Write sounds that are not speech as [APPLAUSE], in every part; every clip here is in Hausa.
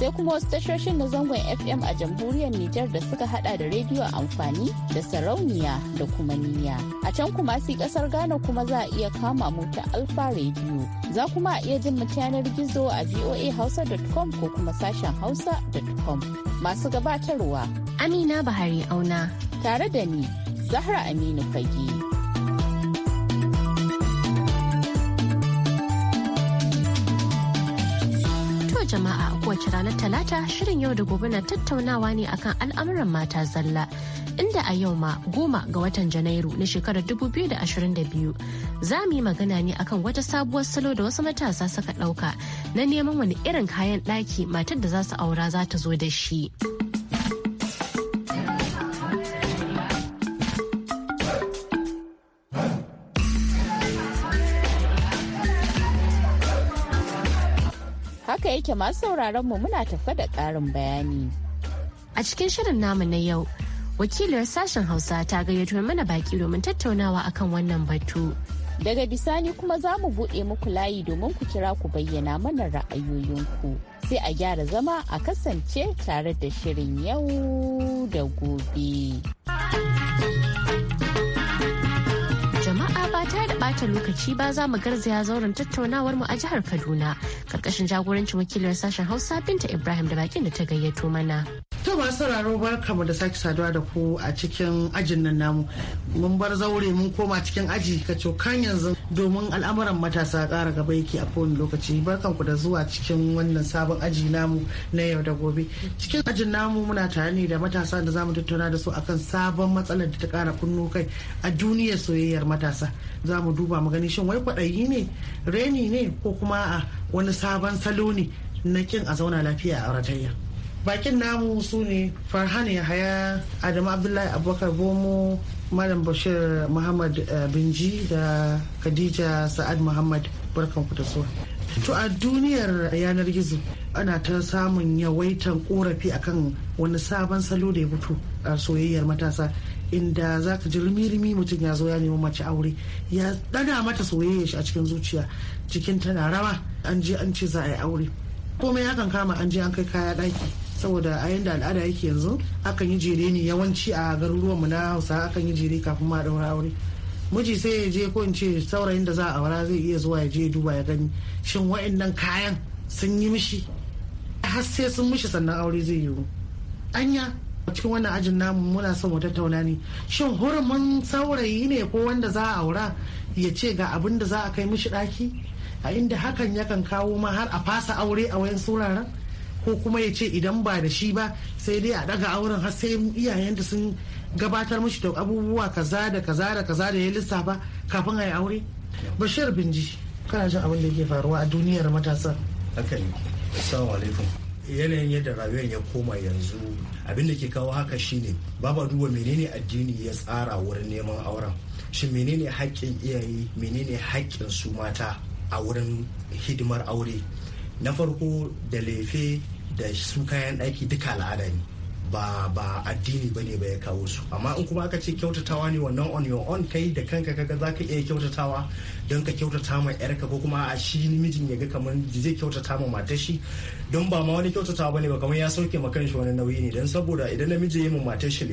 sai kuma wasu tashoshin na zangon fm a jamhuriyar nijar da suka hada da rediyo amfani da sarauniya da kuma niya a can kuma si kasar ghana kuma za a iya kama mu ta alfa rediyo za kuma a iya jin mu yanar gizo a voahausa.com ko kuma sashen hausa.com masu gabatarwa amina bahari auna tare da ni zahra aminu fage jama'a kowace ranar talata shirin yau da gobe na tattaunawa ne akan al'amuran mata zalla inda a yau ma goma ga watan janairu na shekarar 2022 za mu yi magana ne akan wata sabuwar salo da wasu matasa suka ɗauka na neman wani irin kayan ɗaki matar da za su aura za ta zo da shi. yake masu sauraron mu muna tafa da ƙarin bayani. A cikin shirin namu na yau, wakiliyar sashen Hausa ta gayyato mana baki domin tattaunawa akan wannan batu. Daga bisani kuma za mu buɗe muku layi domin ku kira ku bayyana mana ra'ayoyinku. Sai a gyara zama a kasance tare da shirin yau da gobe. ba ta da bata lokaci ba za mu garzaya zauren tattaunawar mu a jihar Kaduna karkashin jagorancin wakilin sashen Hausa Binta Ibrahim da bakin da ta gayyato mana. To masu sauraro mu da sake saduwa da ku a cikin ajin nan namu. Mun bar zaure mun koma cikin aji ka cokan yanzu domin al'amuran matasa ƙara gaba yake a kowane lokaci. Barkanku da zuwa cikin wannan sabon aji namu na yau da gobe. Cikin ajin namu muna tare ne da matasa da zamu tattauna da su akan sabon matsalar da ta ƙara kunno kai a duniyar soyayyar matasa. Za mu duba mu gani shin wai kwaɗayi ne, reni ne ko kuma a wani sabon salo ne na kin a zauna lafiya a ratayya. bakin namu su ne farhan yahaya adamu abdullahi abubakar bomo malam bashir muhammad eh, binji da khadija sa'ad muhammad ku da suwa to a duniyar yanar gizo ana ta samun yawaitan korafi akan wani sabon salo da ya fito a soyayyar matasa inda za ka ji rumi-rumi mutum ya zo ya nemi mace aure ya ɗaga mata soyayya shi a cikin zuciya cikin tana rawa an je an ce za a yi aure komai hakan kama an je an kai kaya ɗaki saboda a yanda al'ada yake yanzu akan yi jere ne yawanci a garuruwan mu na hausa akan yi jere kafin ma daura aure miji sai ya je ko in ce saurayin da za a aura zai iya zuwa ya je duba ya gani shin wa'annan kayan sun yi mishi har sai sun mishi sannan aure zai yiwu anya a cikin wannan ajin namu muna son mu tattauna ne shin hurumin saurayi ne ko wanda za a aura ya ce ga abin da za a kai mishi daki a inda hakan yakan kawo ma har a fasa aure a wayan sauraron ko kuma ya ce idan ba da shi ba sai dai a daga auren har sai iyayen iyayenta sun gabatar mashi da abubuwa kaza da kaza da kaza da ya lissafa kafin a yi aure bashir ji kana jin abin da ke faruwa a duniyar matasa haka ne assalamu alaikum yanayin yadda rayuwar ya koma yanzu abin da ke kawo haka shine babu duba menene addini ya tsara wurin neman auren shin menene haƙƙin iyaye menene haƙƙin su mata a wurin hidimar aure na farko da lefe da su kayan ɗaki duka al'ada ne ba ba addini ba ne ba ya kawo su amma in kuma aka ce kyautatawa ne wannan on your own kai da kanka kaga za ka iya kyautatawa don ka kyautata ma yarka ko kuma a shi mijin ya ga kamar zai kyautata ma matar shi don ba ma wani kyautata bane ba kamar ya sauke ma kanshi wani nauyi ne don saboda idan namiji ya yi ma matar shi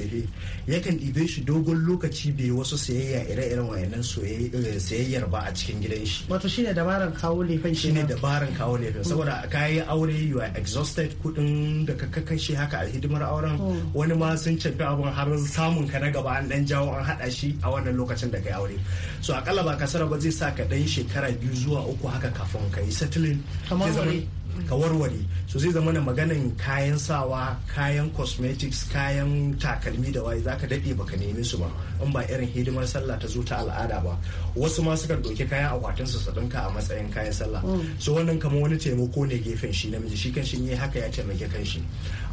yakan ɗibe shi dogon lokaci bai wasu sayayya ire-iren wayannan sayayyar eh, ba a cikin gidan shi wato shine dabaran kawo laifin shi ne dabaran kawo laifin saboda ka yi aure you are exhausted kuɗin da ka kashe haka a hidimar auren hmm. wani ma sun cafi abun har samun ka na gaba an dan jawo an haɗa shi a wannan lokacin da ka yi aure so akalla ba kasara ba zai sa ka ɗan shekara biyu zuwa uku haka kafin ka yi settling ka mm. warware so zai zama na maganin kayan sawa kayan cosmetics kayan takalmi da waye zaka daɗe baka neme su ba in ba irin hidimar sallah ta zo ta al'ada ba wasu ma suka ɗauki kayan akwatin su su ɗinka a matsayin kayan sallah mm. so wannan kamar wani taimako ne gefen shi namiji shi kan shi ne haka ya taimake kan shi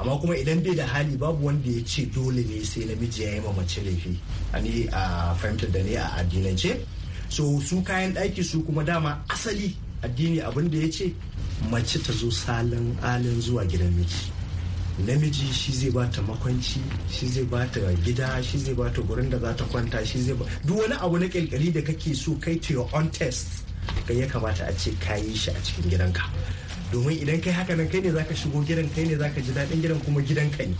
amma kuma idan bai da hali babu wanda ya ce dole ne sai namiji ya yi ma mace laifi ani a fahimtar da ne a addinance so su kayan ɗaki su kuma dama asali addini abin da ya ce mace ta zo salon alin zuwa gidan miji namiji shi zai ba ta makwanci shi zai ba ta gida shi zai ba ta gurin da za ta kwanta shi zai ba duk wani abu na kirkiri da kake so kai to your own test kai ya kamata a ce ka yi shi a cikin gidanka domin idan kai haka nan kai ne zaka shigo gidan kai ne zaka ji daɗin gidan kuma gidanka ne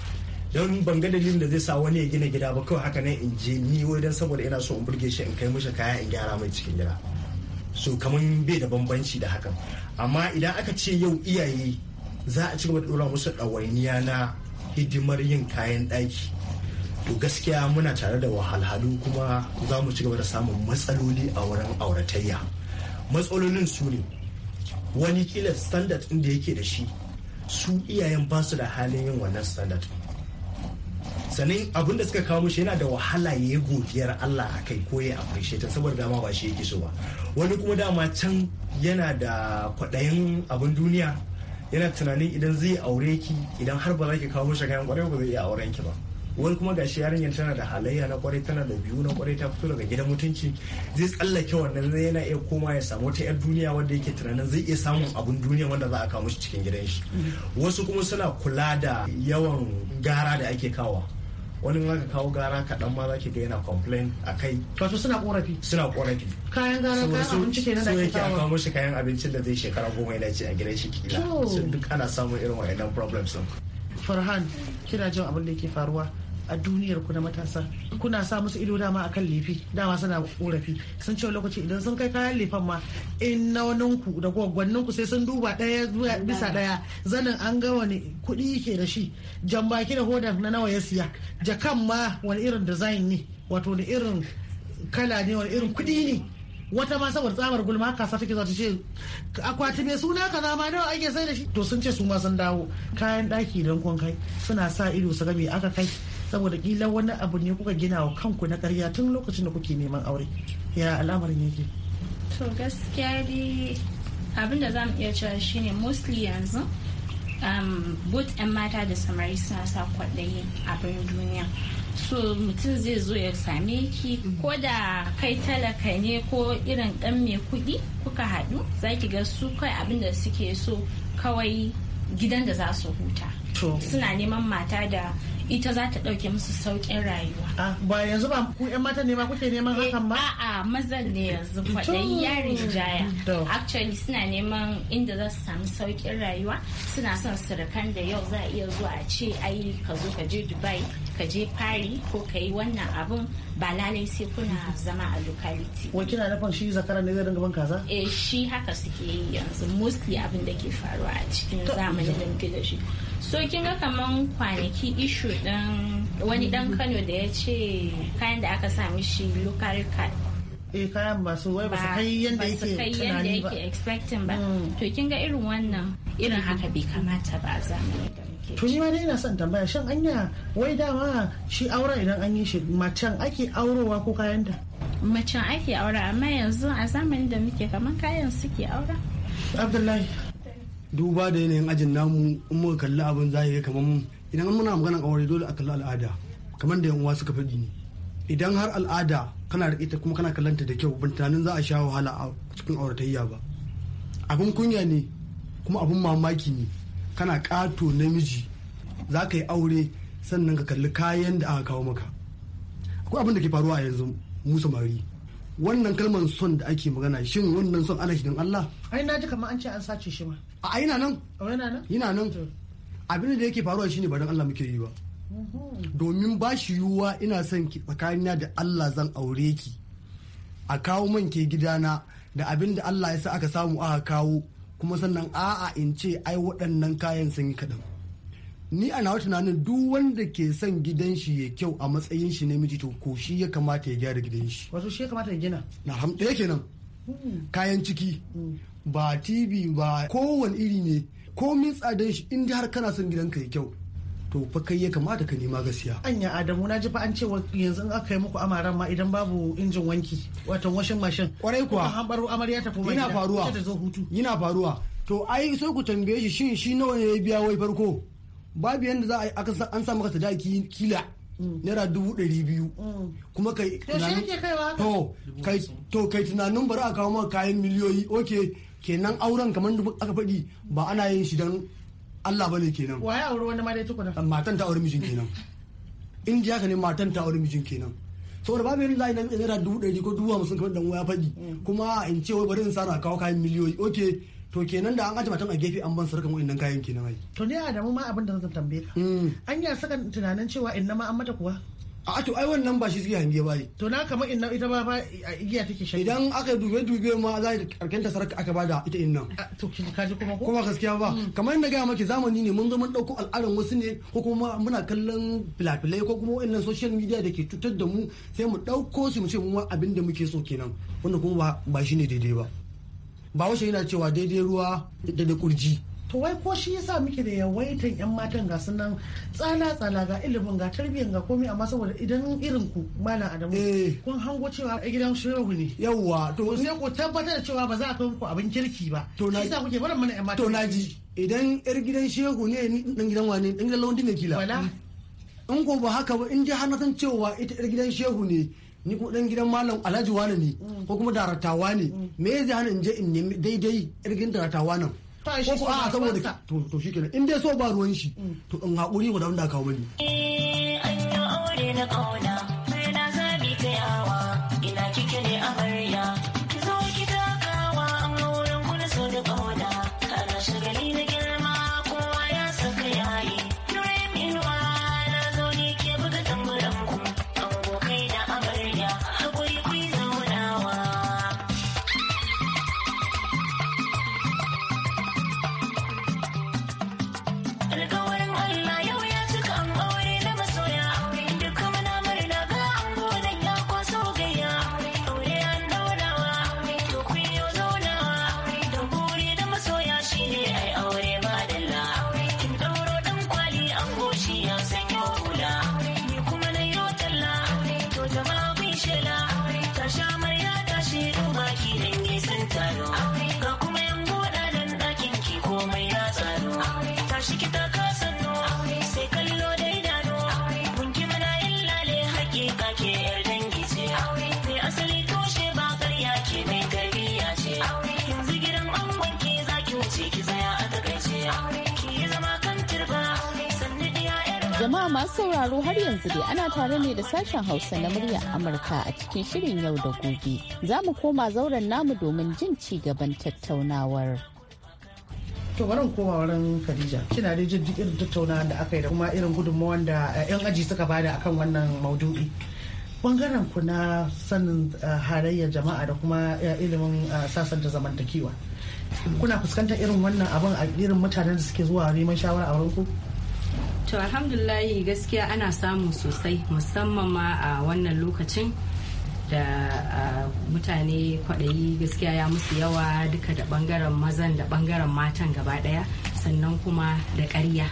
don ban ga dalilin da zai sa wani ya gina gida ba kawai haka nan in je ni wai dan saboda ina so in burge shi in kai mishi kaya in gyara mai cikin gida so kamar bai da bambanci da hakan amma idan aka ce yau iyaye za a ci gaba da dora musu ɗawainiya na hidimar yin kayan ɗaki to gaskiya muna tare da wahalhalu kuma za mu ci gaba da samun matsaloli a wurin auratayya matsalolin su ne wani kila standard ɗin da yake da shi su iyayen ba su da halin yin wannan standard sannan abin da suka kawo mishi yana da wahala ya yi godiyar Allah a kai ko ya ta saboda dama ba shi yake so ba wani kuma dama can yana da kwaɗayin abin duniya yana tunanin idan zai aure ki idan har ba za ki kawo mishi kayan kwarai ba zai iya auren ki ba wani kuma gashi yarinyar tana da halayya na kwarai tana da biyu na kwarai ta fito daga gidan mutunci zai tsallake wannan zai yana iya koma ya samu wata 'yar duniya wanda yake tunanin zai iya samun abun duniya wanda za a kawo shi cikin gidan shi mm. wasu kuma suna kula da yawan gara da ake kawa wani ma ka kawo gara kaɗan ma ki ga yana complain a kai wato suna korafi suna korafi kayan gara kayan abinci kenan da ake kawo kawo shi kayan abincin da zai shekara goma yana ci a gidan shi kila duk ana samun irin wa'annan problems din farhan kina jin abin da yake faruwa a duniyar ku na matasa kuna sa musu ido dama akan lefi dama suna korafi sun ce lokaci idan sun kai kayan lefan ma in na ku da gwaggwannin ku sai sun duba daya bisa daya zanin an ga wani kuɗi ke da shi jan baki da hodar na nawa ya siya jakan ma wani irin design ne wato da irin kala ne wani irin kuɗi ne wata ma saboda tsamar gulma kasa take zata ce akwati mai suna ka zama nawa ake sai da shi to sun ce su ma sun dawo kayan daki don kun kai suna sa ido su ga me aka kai saboda kila wani abu ne kuka gina wa kanku na karya tun lokacin da kuke neman aure ya al'amarin yake to gaskiya dai abin da za mu iya cewa shine mostly yanzu um, both 'yan mata da samari suna sa kwaɗayi abin duniya so mutum zai zo ya same ki mm-hmm. ko da kai talaka ne ko irin ɗan mai kuɗi kuka haɗu za ki ga su kai abin da suke so kawai gidan da za su huta suna neman mata da ita za ta ɗauke musu sauƙin rayuwa. Ah, ba yanzu ba ku 'yan mata ne ma kuke neman eh, hakan ba? A'a mazan ne yanzu kwaɗayi yarin jaya. Actually suna neman inda za su sauƙin rayuwa suna son surukan da yau za a iya zuwa a ce ai ka zo ka je Dubai ka je fari ko ka yi wannan abun ba lalai sai kuna zama a locality wa kina nufin shi zakarar ne zai dinga ban kaza eh shi haka suke yi yanzu mostly abin da ke faruwa a cikin zamanin da muke da shi so kin ga kaman kwanaki issue din wani dan Kano da ya ce kayan da aka sami shi local card eh kayan masu wai ba su kai yadda yake tunani ba expecting ba mm. to kin ga irin wannan irin haka bai kamata ba a zamani da to shi ma dai na son tambaya shin anya wai dama shi aure idan an yi shi macen ake aurowa ko kayanta macen ake aure amma yanzu a zamani da muke kaman kayan suke aure abdullahi duba da yanayin ajin namu in muka kalli abin zahiri kamar idan muna maganar aure dole a kalli al'ada kamar da yan uwa suka faɗi ne idan har al'ada kana da ita kuma kana kallanta da kyau ban tunanin za a sha wahala a cikin auratayya ba abin kunya ne kuma abin mamaki ne kana ƙato namiji za ka yi aure sannan ka kalli kayan da aka kawo maka akwai abin da ke faruwa a yanzu mu samari wannan kalmar son da ake magana shin wannan son ana shi don Allah ai na ji kamar an ce an sace shi ma a ina nan yana nan abin da yake faruwa shine ba don Allah muke yi ba domin ba shi yiwuwa ina son ki tsakanina da Allah zan aure ki a kawo man ke gidana da abin da Allah ya sa aka samu aka kawo kuma sannan a'a in ce ai waɗannan kayan sun yi kaɗan ni a nawa tunanin duk wanda ke son gidan shi ya kyau a matsayin shi namiji to ko shi ya kamata ya gyara gidan shi wato shi ya kamata ya gina na hamɗaya kenan hmm. kayan ciki hmm. ba tv ba kowane iri ne ko komin tsadan shi inda har kana son gidanka ya kyau to fa kai ya kamata ka nema gaskiya anya adamu na ji fa an ce yanzu in aka yi muku amaran ma idan babu injin wanki wato washin mashin kwarai kuwa an baro amarya ta koma yana faruwa ta zo hutu yana faruwa to ai sai ku tambaye shi shin shi nawa ne ya biya wai farko babu yanda za a an sa maka sadaki kila naira dubu ɗari biyu kuma kai to kai tunanin bari a kawo maka kayan miliyoyi oke kenan auren kamar da aka faɗi ba ana yin shi don Allah bane kenan waye aure wani ma dai tukuna matan ta aure mijin kenan in ji haka ne matan ta aure mijin kenan saboda babu yadda layi nan naira dubu ɗari ko dubu hamsin kamar dan ya faɗi kuma in ce wai bari in sara kawo kayan miliyoyi ok to kenan da an aje matan a gefe an ban sarkan wa'annan kayan kenan ai to ne a damu ma abin da zan tambaye ka mm. an a saka tunanin cewa in na ma an mata kuwa a to ai wannan ba shi suke hange ba ne to na kama inna ita ba a igiya take shi idan aka dube dube ma za ka karkan ta sarka aka bada ita inna to kin kaji kuma ko kuma gaskiya ba mm. kamar inda ga maki zamani ne mun zo mun dauko al'adan wasu ne ko kuma muna kallon filafilai ko kuma wannan social media da ke cutar da mu sai mu dauko su mu ce mu abin da muke so kenan wanda kuma ba shi ne daidai ba ba washe yana cewa daidai ruwa da da kurji to wai ko shi yasa muke da yawaitan yan matan ga sunan tsala tsala ga ilimin ga tarbiyyan ga komai amma saboda idan irin ku malam adamu eh. kun hango cewa a gidan shehu ne yawwa to sai ku tabbatar da cewa ba za a kai abin kirki ba to na yasa kuke barin mana yan matan to na ji idan yar gidan shehu ne dan gidan wani dan gidan lawandin ne kila in ko ba haka ba in ji har na san cewa ita yar gidan shehu ne ni ko dan gidan malam alhaji wane ne mm. ko kuma daratawa ne mm. me zai hana in je in nemi daidai yar gidan daratawa nan ko ko a saboda to to kenan in dai so ba ruwan shi to in haƙuri guda wanda kawo mani. In eh, yi aure na kauna jama'a masu sauraro har yanzu dai ana tare ne da sashen hausa na murya amurka a cikin shirin yau da gobe za mu koma zauren namu domin jin ci gaban tattaunawar to bari mu koma wurin Khadija kina dai jin irin tattaunawa da aka yi da kuma irin gudunmawar da eh, yan aji suka bada akan wannan maudu'i bangaren ku na sanin eh, halayya jama'a da kuma eh, ilimin sasanta zamantakewa kuna fuskantar irin wannan abin a irin mutanen da suke zuwa neman shawara a wurin ku to alhamdulahi gaskiya ana samu sosai musamman ma a wannan lokacin da mutane kwaɗayi gaskiya ya musu yawa duka da ɓangaren mazan da ɓangaren matan gaba ɗaya sannan kuma da ƙarya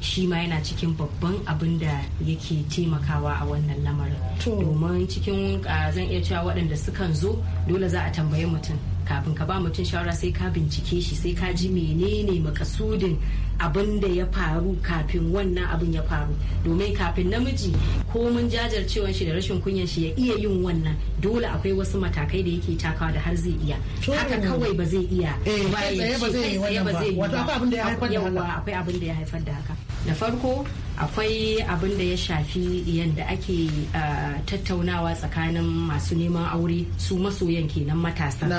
shi ma yana cikin babban abin da yake taimakawa a wannan lamarin domin cikin zan iya cewa waɗanda sukan zo dole za a tambayi mutum kafin ka ba mutum shawara sai ka bincike shi sai ka ji menene makasudin abin da ya faru kafin wannan abin ya faru domin kafin namiji ko mun jajircewa shi da rashin kunyan shi ya iya yin wannan dole akwai wasu matakai da yake takawa da har zai iya haka mm. kawai ba zai iya ba akwai abin da ya haifar da haka da farko akwai abin da ya shafi yadda ake ah, tattaunawa tsakanin masu neman aure su masoyan kenan matasa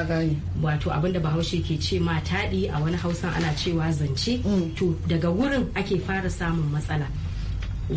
wato abin da bahaushe ke ce ma taɗi a wani hausan ana cewa zance mm. to to daga wurin ake fara samun matsala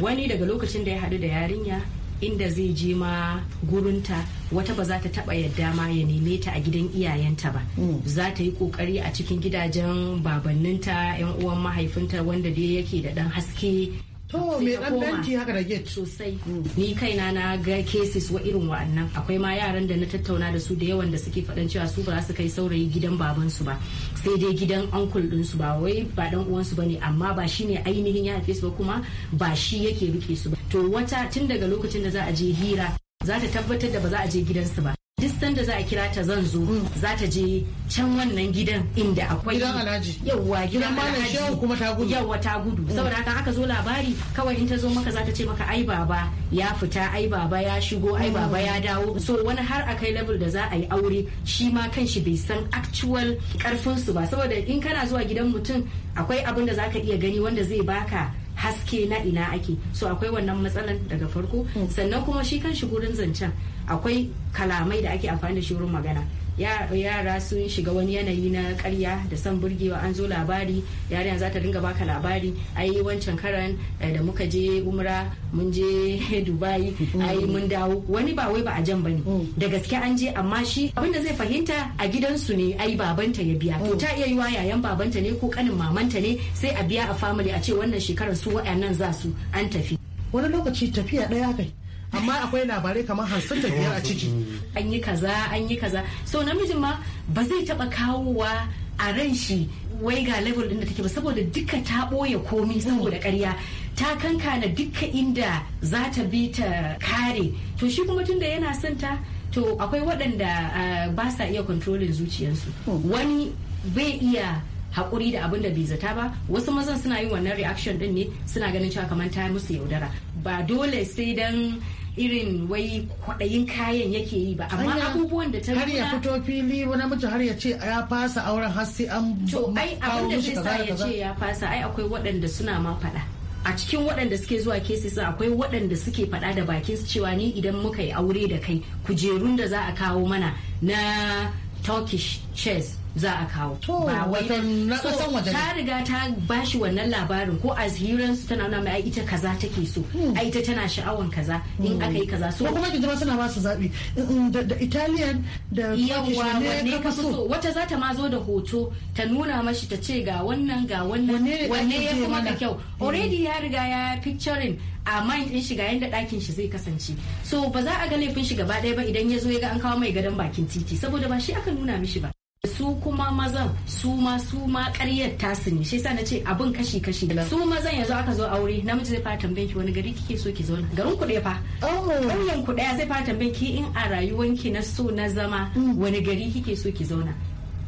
wani daga lokacin da ya haɗu da yarinya inda zai je ma gurinta wata ba za ta taɓa yadda ma ya neme ta a gidan iyayenta ba hmm. za ta yi kokari a cikin gidajen babanninta yan uwan mahaifinta wanda dai yake da dan haske to me dan danci haka da gate sosai mm. ni kaina na ga cases wa irin wa'annan akwai ma yaran da na tattauna da su da yawan da suke faɗan cewa su ba za su kai saurayi gidan baban su ba sai dai gidan uncle din su ba wai ba dan uwan su bane amma ba shine ainihin ya haife su ba kuma ba shi yake rike su ba to wata tun daga lokacin da za a je hira za ta tabbatar da ba za a je gidansu ba duk sanda za a kira ta zan zo hmm. za ta je can wannan gidan inda akwai gidan alhaji yawwa gidan alhaji kuma ta gudu yawwa ta gudu hmm. saboda haka aka zo labari kawai in ta zo maka za ta ce maka ai baba ya fita ai baba ya shigo ai baba ya hmm. dawo so wani har akai level da za a yi aure shi ma kanshi bai san actual karfin su ba saboda in kana zuwa gidan mutum akwai abin da zaka iya gani wanda zai baka haske na ina ake so akwai wannan matsalan daga farko sannan kuma shi kan shi gurin zancen akwai kalamai da ake amfani da shi wurin magana yara sun shiga wani yanayi na karya da san burgewa an zo labari yarinya za ta dinga baka labari yi wancan karan eh, da muka je umra mun je [LAUGHS] dubai yi mun dawo wani ba wai ba a jan bane da gaske an je amma shi abinda zai fahimta a gidansu ne ai babanta ya biya to ta iya yiwa yayan babanta ne ko kanin mamanta ne sai a biya a family a ce wannan shekarar su wa'annan za su an tafi wani lokaci tafiya ɗaya kai amma akwai labarai kamar hamsin da biyar a ciki an yi kaza an yi kaza so namijin ma ba zai taba kawowa a ran shi wai ga level din da take ba saboda duka ta boye komi saboda ƙarya ta kankana duka inda za ta bi ta kare to shi kuma tun da yana son ta to akwai waɗanda ah, ba sa iya kontrolin zuciyarsu hmm. wani bai iya hakuri da abin da bai zata ba wasu mazan suna yin wannan reaction din ne suna ganin cewa kamar ta musu yaudara ba dole sai dan irin wai kwaɗayin kayan yake yi ba amma abubuwan da ta har ya fito fili wani mutum har ya ce ya fasa auren har sai an to ai abin da zai sa ya ce ya fasa ai akwai waɗanda suna ma faɗa a cikin waɗanda suke zuwa kesis akwai waɗanda suke faɗa da bakin su cewa ni idan muka yi aure da kai kujerun da za a kawo mana na turkish chess za a kawo to wai na ta riga ta bashi wannan labarin ko a hirar su tana nuna mai ita kaza take so hmm. a ita tana sha'awan kaza in hmm. aka yi kaza so kuma ki suna ba su zabi mm, da italian da yawa wanne ka so wata za ta ma zo da hoto ta nuna mashi ta ce ga wannan ga wannan wanne ya fi maka kyau hmm. already ya riga ya picturing a mind din shi ga ɗakin shi zai kasance so ba za a ga laifin shi gaba ɗaya ba idan ya zo ya ga an kawo mai gadon bakin titi saboda ba shi aka nuna mishi ba su kuma mazan su ma su ma ƙaryar tasu ne shi yasa na ce abin kashi kashi su mazan yanzu aka zo aure namiji zai fara tambayan ki wani gari kike so ki zauna garin ku ɗaya fa oh. ƙauyen ku zai fara tambayan ki in a ki na so na zama mm. wani gari kike so ki zauna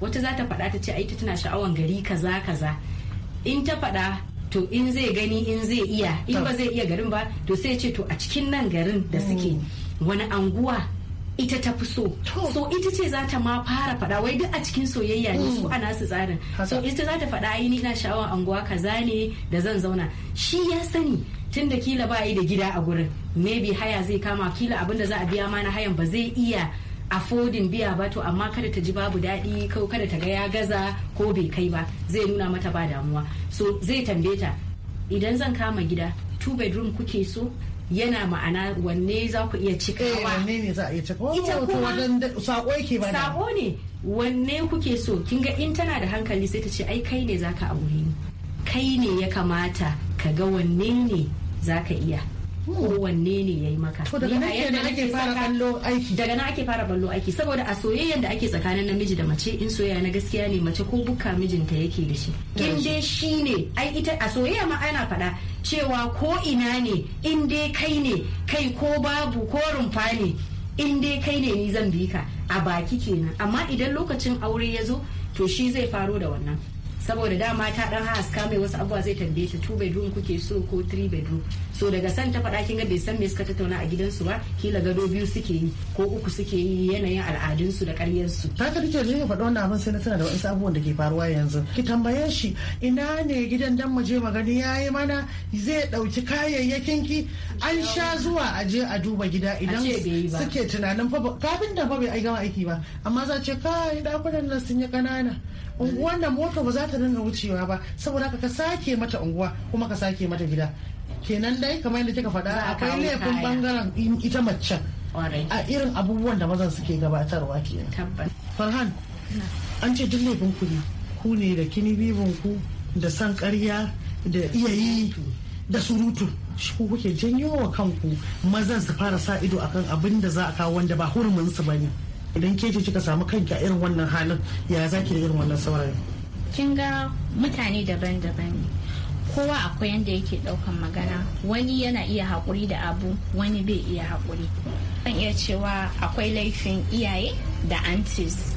wata za ta faɗa ta ce ai tana sha'awan gari kaza kaza in ta faɗa to in zai gani in zai iya in ba zai iya garin ba to sai ce to a cikin nan garin da suke mm. wani anguwa ita ta fi so so ita ce za ta ma fara fada wai duk a cikin soyayya ne su mm. ana su tsarin so ita za ta fada yi ni ina sha'awar anguwa kaza ne da zan zauna shi ya sani tun da kila ba yi da gida a gurin maybe haya zai kama kila abin da za a biya ma na hayan ba zai iya a affordin biya ba to amma kada ta ji babu daɗi ko kada ta ga ya gaza ko bai kai ba zai nuna mata ba damuwa so zai tambaye ta idan zan kama gida two bedroom kuke so yana ma'ana wanne za ku iya cikawa eh, wanne ne za a iya wa oh, ita kuma sako yake ba sako ne wanne kuke so kin ga in tana da hankali sai ta ce ai kai ne zaka aure ni kai ne ya kamata ka ga wanne ne zaka iya kowanne ne ya yi maka daga na ake fara ballo aiki saboda a soyayyen da ake tsakanin namiji da mace in soyayya na gaskiya ne mace ko bukka mijinta yake da shi in dai shi ne ita a soyayya ma ana faɗa cewa ko ina ne in dai kai ne kai ko babu ko rumfa ne in dai kai ne ni zan bi ka a baki kenan amma idan lokacin aure ya zo to shi zai faro da wannan saboda dama ta dan haska mai wasu abuwa zai tambaye ta two bedroom kuke so ko three bedroom so daga san ta faɗa kin ga bai san me suka tattauna a gidansu ba kila gado biyu suke yi ko uku suke yi yanayin al'adunsu da su ta ka dace ne faɗa wannan abin sai na tana da wasu abubuwan da ke faruwa yanzu ki tambaye shi ina ne gidan dan mu je magani yayi mana zai ɗauki kayayyakin ki an sha zuwa a a duba gida idan suke tunanin fa kafin da fa bai gama aiki ba amma za ce kai dakunan nan sun yi kanana unguwar da mota ba za ta dinga wucewa ba saboda ka sake mata unguwa kuma ka sake mata gida kenan dai kamar yadda kika faɗa akwai laifin bangaren ita mace a irin abubuwan da mazan suke gabatarwa kenan farhan an ce duk laifin ku ne ku ne da kini bibin ku da san ƙarya da iyayi da surutu shi ku kuke janyo wa kanku mazan su fara sa ido akan abin da za a kawo wanda ba hurumin su bane idan ke ce kika samu kanki a irin wannan halin ya zaki da irin wannan saurayi kin ga mutane daban-daban ne kowa akwai yadda yake daukan magana wani yana iya haƙuri da abu wani bai iya haƙuri zan iya cewa akwai laifin iyaye da aunties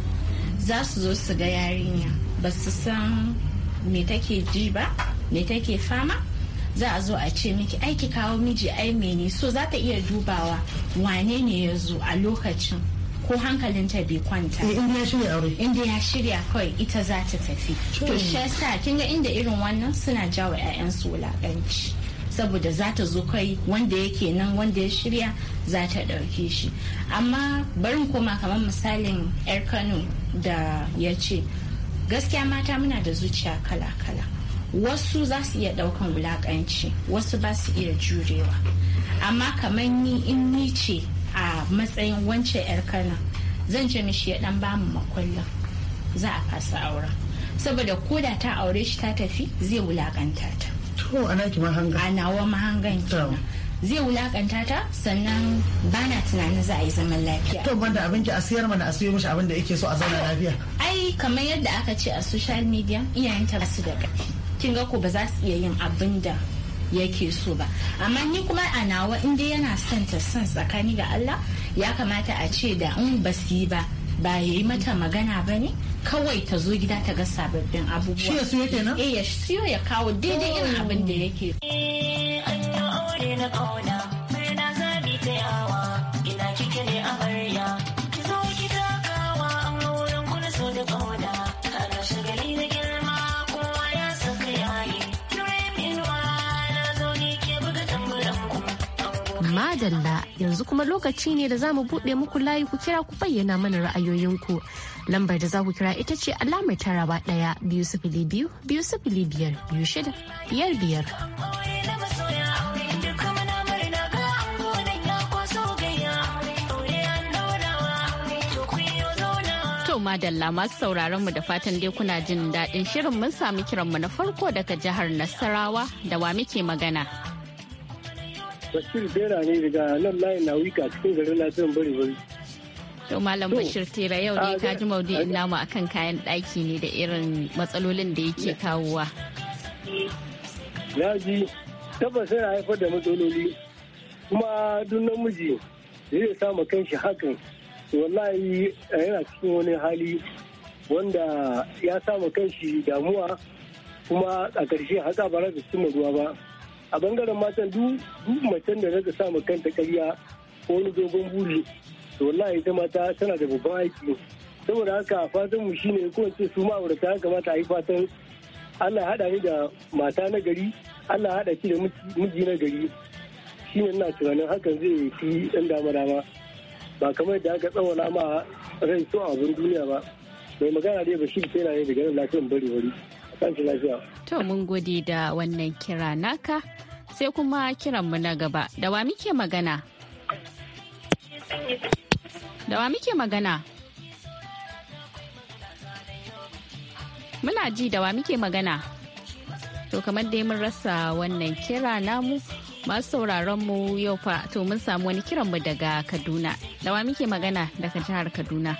za su zo su ga yarinya ba su san me take ji ba me take fama za a zo a ce miki aiki kawo miji ai mene so za ta iya dubawa wane ne ya zo a lokacin ko hankalin ta bai kwanta eh, inda ya shirya aure in ya shirya kawai ita za ta tafi to shi yasa kin ga inda irin wannan suna jawo 'ya'yansu wulaƙanci saboda za ta zo kai wanda yake nan wanda ya shirya za ta ɗauke shi amma barin koma kamar misalin yar kano da ya ce gaskiya mata muna da zuciya kala-kala wasu za su iya ɗaukan wulaƙanci wasu ba su iya jurewa amma kamar ni in ni ce matsayin wance yar kana zan ce mishi ya dan bamu makullin za a fasa aura saboda koda ta aure shi ta tafi zai wulakanta ta to ana ki mahanga ana wa mahanga zai wulakanta ta sannan bana na tunanin za a yi zaman lafiya. To banda abin a siyar mana a mishi abin da yake so a zauna lafiya. Ai kamar yadda aka ce a social media iyayenta ba su da kai Kin ga ko ba za su iya yin abinda. yake so ba amma ni kuma a nawa inda yana son ta son tsakani ga Allah ya kamata a ce da in ba ba ba ya yi mata magana ba ne kawai ta zo gida ta ga sababbin abubuwa shi ya siyo eh ya kawo daidai irin abin da yake eh, yanzu kuma lokaci ne da za mu buɗe muku layi ku kira ku bayyana mana ra'ayoyinku. Lambar da za ku kira ita ce alamar taraba ɗaya biyu sifili biyu biyu sifili biyar biyu shida biyar biyar. madalla masu sauraron mu da fatan dai kuna jin daɗin shirin mun sami kiran mu na farko daga jihar Nasarawa da wa muke magana. Bashir Bera ne daga nan layin na wika cikin garin lafiyan bari bari. To Malam Bashir Tera yau ne ka ji maudu'in namu akan kayan ɗaki ne da irin matsalolin da yake kawowa. yaji ji tabbas yana haifar da matsaloli kuma duk namiji zai samu kanshi hakan wallahi yana cikin wani hali wanda ya samu kanshi damuwa kuma a ƙarshe haka ba za su cimma ruwa ba. a bangaren matan duk macen da zaka sa kanta karya ko wani dogon buri to wallahi ita mata tana da babban aiki saboda haka fatan mu shine ko ce su ma'aurata ya kamata a yi fatan Allah hada ni da mata na gari Allah hada ki da miji na gari shine ina tunanin hakan zai fi dan dama dama ba kamar da aka tsawala ma rai so abin duniya ba mai magana dai bashir tana ne daga lafiyar bari wari To mun gode da wannan kira naka sai kuma kiranmu na gaba. Da wa muke magana? Da wa muke magana? Muna ji da wa muke magana? To kamar dai mun rasa wannan kira namu masu sauraron mu yau fa to mun samu wani kiranmu daga Kaduna. Da wa muke magana daga jihar Kaduna?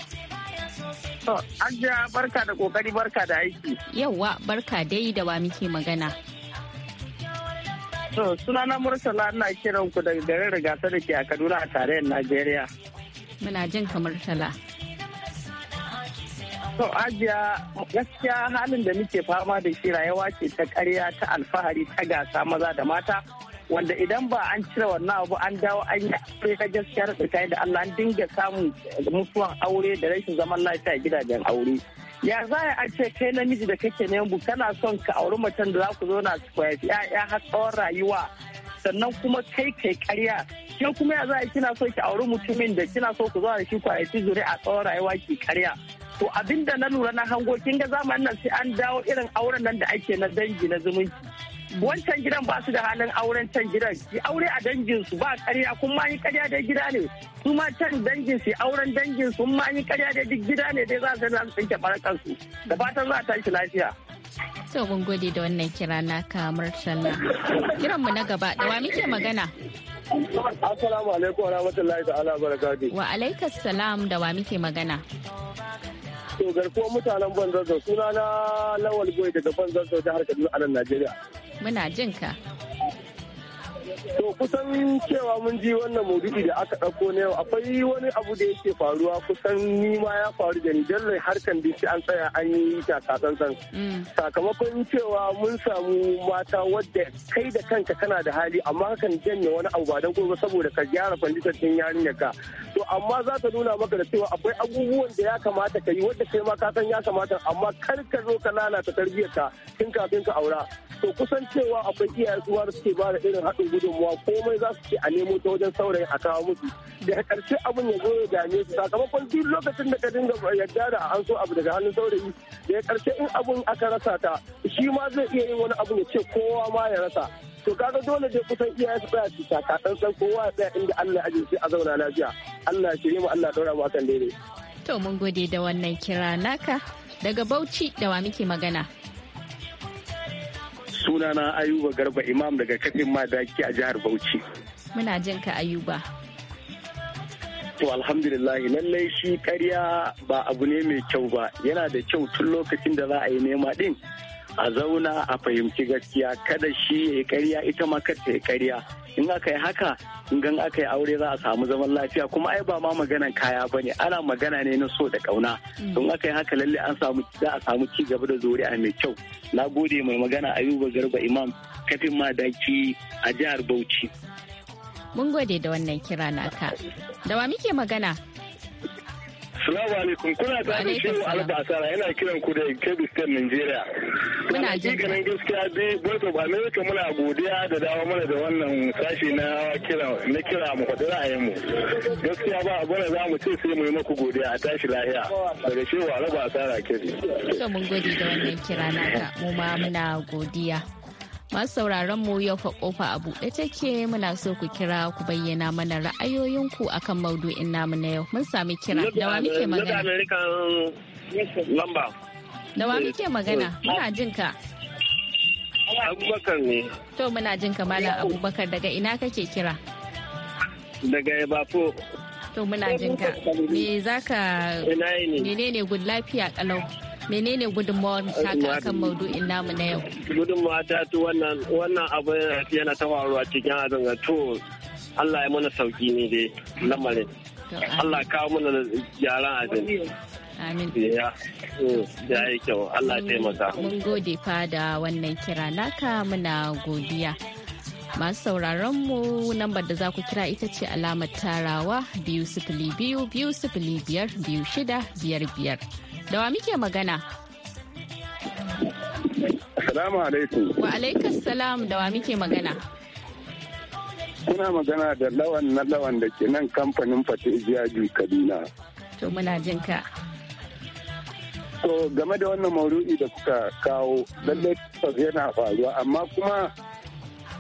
To, ja barka da kokari barka da aiki. Yawwa barka dai da wa muke magana. To, sunana Murtala ina kiran ku daga garin rigasa da ke a Kaduna a tarayyar Najeriya. Muna jin ka Murtala. To, Ajiya gaskiya halin da muke fama da shi rayuwa ce ta karya ta alfahari ta gasa maza da mata. wanda idan ba an cire wannan abu an dawo an yi aure ka gaskiya da tsakanin da Allah an dinga samun mutuwan aure da rashin zaman lafiya a gidajen aure ya za a ce kai namiji da kake neman kana son ka auri macen da za ku zo na ku ya'ya har tsawon rayuwa sannan kuma kai kai karya ke kuma ya za a kina so ki auri mutumin da kina so ku zo da shi ku zuri a tsawon rayuwa ki karya to abinda na lura na hango kin ga zamanin nan sai an dawo irin auren nan da ake na dangi na zumunci Mm. wancan gidan ba su da halin auren can gidan su aure a dangin su ba karya kun ma yi karya da gida ne su ma can dangin su auren dangin su ma yi karya da duk gida ne dai za su za su ke barakan su da fatan za ta yi lafiya to mun gode da wannan kira naka murtala kiran mu na gaba da wa muke magana assalamu alaikum wa rahmatullahi ta'ala barakatuh wa alaikas salam da wa muke magana to garkuwar mutanen banzarzo suna na lawal goyi daga banzarzo jihar kaduna a nan najeriya muna jinka To kusan cewa mun ji wannan maudu'i da aka ɗauko na yau akwai wani abu da yake faruwa kusan ni ma ya faru da ni dallai harkan dinki an tsaya an yi takatsantsan. Mm. Sakamakon cewa mun samu mata wadda kai da kanka kana da hali amma hakan janye wani abu ba don gobe saboda ka gyara fandisar cin yarinyar ka. To amma za ta nuna maka da cewa akwai abubuwan da ya kamata ka yi wadda kai ma ka san ya kamata amma kar ka zo ka lalata tarbiyyar ka tun kafin ka aura. To kusan cewa akwai iyaye suwa da suke ba da irin haɗin gudun gudunmuwa komai za su ce a nemo ta wajen saurayin a kawo musu da karshe abin ya zo ya dame su sakamakon duk lokacin da ka dinga yadda da an so abu daga hannun saurayi da karshe in abun aka rasa ta shi ma zai iya yin wani abu ya ce kowa ma ya rasa to kaga dole dai kusan iyaye su tsaya su taka san kowa ya tsaya inda Allah ya ajiye a zauna lafiya Allah ya shirye mu Allah ya daura mu akan daidai to mun gode da wannan kira naka daga Bauchi da wa muke magana sunana ayuba garba imam daga kafin madaki a jihar bauchi muna jin ka ayuba to alhamdulillah lallai shi karya ba abu ne mai kyau ba yana da kyau tun lokacin da za a yi nema din a zauna a fahimci gaskiya kada shi ya yi karya ita ma kar ta yi karya in aka yi haka in gan aka yi aure za a samu zaman lafiya kuma ai ba ma maganan kaya ba ne ana magana ne na so da kauna don mm. aka yi haka lalle an samu za a samu ci gaba da a mai kyau na gode mai magana ayuba garba imam kafin madaki a jihar bauchi mun gode da wannan kira naka da wa muke magana Salamu alaikum kuna ta da shehu Alba Asara yana kiran ku da Kebbi State Nigeria. Muna jin ganin gaskiya dai Voice of America muna godiya da dawo mana da wannan sashi na kira na kira mu Gaskiya ba abu da zamu ce sai mu yi muku godiya a tashi lahiya daga shehu Alba Asara Kebbi. kuka mun gode da wannan kira naka mu ma muna godiya. masu sauraron mu yau fa kofa a buɗe take muna so ku kira ku bayyana mana ra'ayoyinku akan maudu'in namu na yau mun sami kira da wa muke magana da wa muke magana muna jin ka abubakar ne to muna jin ka malam abubakar daga ina kake kira daga ebafo to muna jin ka me zaka ne good lafiya kalau menene gudunmawar taka maudu maudu'in namu na yau gudunmawa ta tu wannan wannan abu yana ta faruwa cikin azan to Allah ya mana sauki ne dai lamarin Allah kawo mana gyaran azan Amin. Ya yi kyau, Allah taimaka. Mun gode fa da wannan kira naka muna godiya. masu sauraron mu lambar da za ku kira ita ce alamar tarawa biyu sifili biyu biyu sifili biyar biyu shida biyar biyar. Da wa muke magana? Assalamu alaikum. Wa alaikas salam da wa muke magana? Kuna magana da lawan na lawan da ke nan kamfanin Fati Ijiyaji Kaduna. To muna jin ka. To game da wannan maudu'i da kuka kawo lallai yana faruwa amma kuma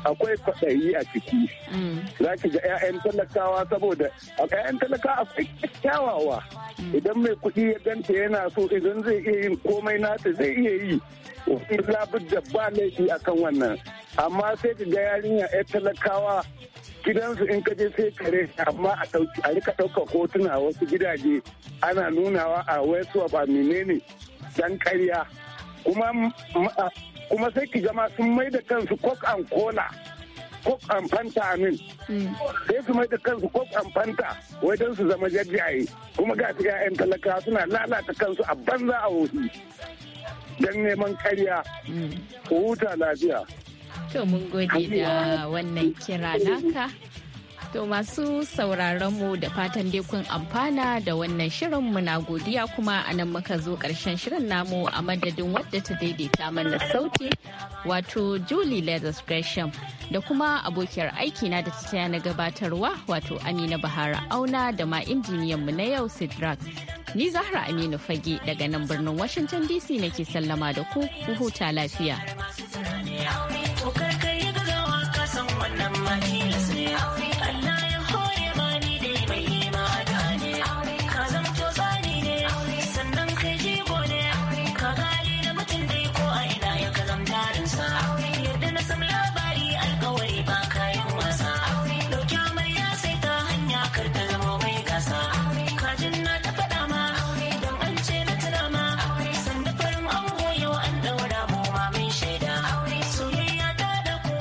akwai kwaɗayi a ciki mm. za ki ga 'ya'yan talakawa saboda a 'ya'yan talakawa akwai kyawawa mm. idan mai kuɗi ya ganta yana so idan zai iya yin komai nata zai iya yi labar da ba laifi akan wannan amma sai ka ga yarinya 'yan talakawa gidansu in kaje sai kare amma a rika ɗaukar hotuna a wasu gidaje ana nunawa a wasu a menene dan karya kuma kuma sai ki jama sun mai da kansu coke and kola coke and fanta amin mm. sai su mai da kansu coke and fanta wai don su zama jajjaye kuma ga su 'ya'yan talakawa suna lalata kansu a banza a wofi don neman karya mm. ku huta lafiya to mun gode da wannan kira naka To masu sauraron mu da fatan dai kun amfana da wannan shirin muna godiya kuma a nan muka zo karshen shirin namu a madadin wadda ta daidaita mana sauti wato Julie Leathers Gresham da kuma abokiyar aiki na da ta taya na gabatarwa wato Amina Bahara Auna da ma injiniyan mu na yau Sidrak. Ni Zahra Aminu Fage daga nan birnin Washington DC nake sallama da ku ku huta lafiya.